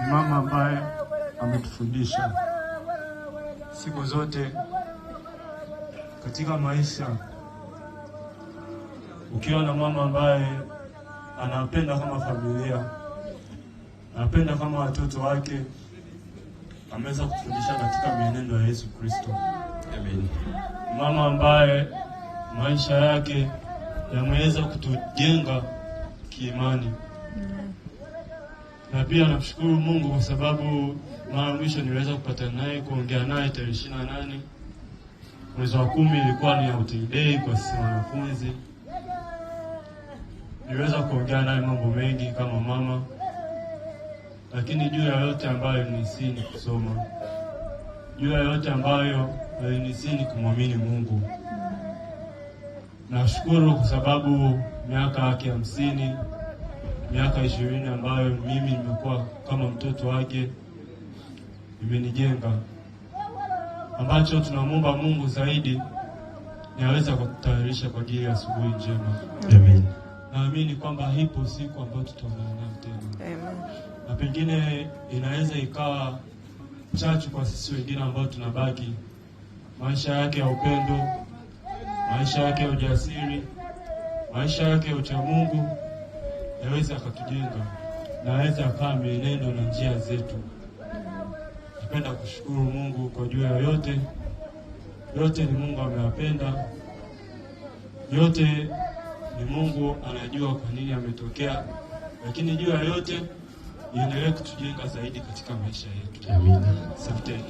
ni mama ambaye ametufundisha siku zote katika maisha. Ukiwa na mama ambaye anapenda kama familia, anapenda kama watoto wake, ameweza kufundisha katika mienendo ya Yesu Kristo. Amen. Mama ambaye maisha yake yameweza kutujenga kiimani na pia namshukuru Mungu kwa sababu mara mwisho niliweza kupata naye kuongea naye tarehe ishirini na nane mwezi wa kumi, ilikuwa ni outing day kwa sisi wanafunzi. Niliweza kuongea naye mambo mengi kama mama, lakini juu ya yote ambayo alinisini kusoma, juu ya yote ambayo alinisini kumwamini Mungu. Nashukuru kwa sababu miaka yake hamsini miaka ishirini ambayo mimi nimekuwa kama mtoto wake imenijenga. Ambacho tunamwomba Mungu zaidi ni aweze kwa ajili ya asubuhi njema. Amen. Naamini kwamba hipo siku ambayo tutaonana tena. Amen. Na pengine inaweza ikawa chachu kwa sisi wengine ambao tunabaki, maisha yake ya upendo, maisha yake ya ujasiri, maisha yake ya uchamungu yaweza akatujenga na aweze akawa mienendo na njia zetu. Napenda kushukuru Mungu kwa juu ya yote. Yote ni Mungu ameyapenda, yote ni Mungu anajua kwa nini ametokea, lakini juu ya yote iendelee kutujenga zaidi katika maisha yetu. Amina. Asanteni.